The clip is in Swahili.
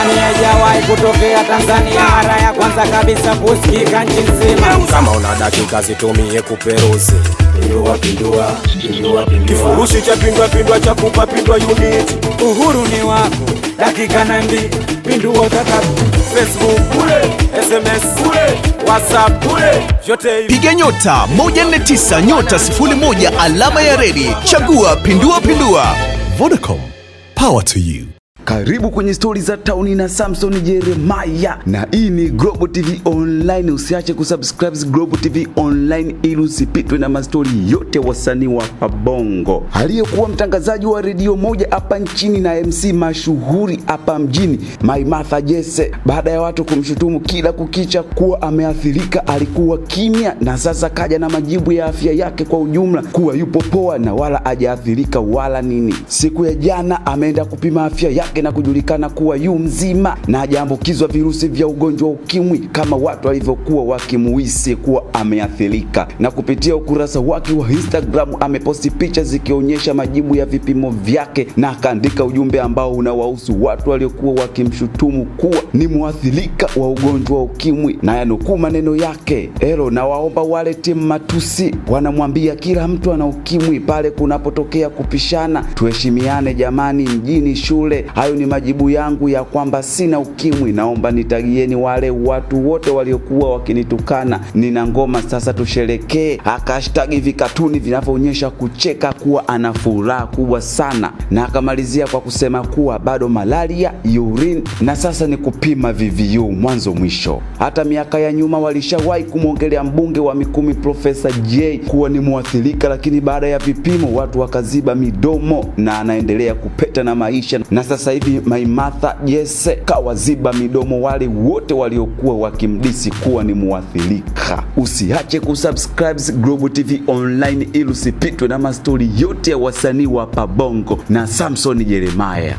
amani haijawahi kutokea Tanzania, mara ya kwanza kabisa kusikika nchi nzima. Kama una dakika zitumie kuperuzi pindua, pindua, pindua, pindua. kifurushi cha pindua pindua cha kumpa pindua unit. Uhuru ni wako, dakika na mbi pindua WhatsApp, Facebook, SMS, WhatsApp yote. Piga nyota 149 nyota 01 alama ya redi, chagua pindua pindua. Vodacom, power to you. Karibu kwenye stori za tauni na Samson Jeremiah, na hii ni Global TV Online. Usiache kusubscribe Global TV Online ili usipitwe na mastori yote wasanii wa pabongo Aliyekuwa mtangazaji wa redio moja hapa nchini na MC mashuhuri hapa mjini Maimartha Jesse, baada ya watu kumshutumu kila kukicha kuwa ameathirika, alikuwa kimya na sasa kaja na majibu ya afya yake kwa ujumla kuwa yupo poa na wala ajaathirika wala nini. Siku ya jana ameenda kupima afya yake yake na kujulikana kuwa yu mzima na hajaambukizwa virusi vya ugonjwa wa ukimwi kama watu walivyokuwa wakimuhisi kuwa ameathirika. Na kupitia ukurasa wake wa Instagram ameposti picha zikionyesha majibu ya vipimo vyake na akaandika ujumbe ambao unawahusu watu waliokuwa wakimshutumu kuwa ni mwathirika wa ugonjwa wa ukimwi, na yanukuu maneno yake: elo na waomba wale timu matusi wanamwambia kila mtu ana ukimwi pale kunapotokea kupishana, tuheshimiane jamani, mjini shule Hayo ni majibu yangu ya kwamba sina ukimwi. Naomba nitagieni wale watu wote waliokuwa wakinitukana. Nina ngoma sasa, tusherekee. Akashtagi vikatuni vinavyoonyesha kucheka kuwa ana furaha kubwa sana, na akamalizia kwa kusema kuwa bado malaria, urine na sasa ni kupima VVU mwanzo mwisho. Hata miaka ya nyuma walishawahi kumwongelea mbunge wa Mikumi Profesa J kuwa ni mwathirika, lakini baada ya vipimo watu wakaziba midomo na anaendelea kupeta na maisha na sasa sasa hivi Maimartha Jesse kawaziba midomo wale wote waliokuwa wakimdisi kuwa ni mwathirika. Usiache kusubscribe Global TV Online ili usipitwe na mastori yote ya wasanii wa Pabongo na Samson Jeremiah.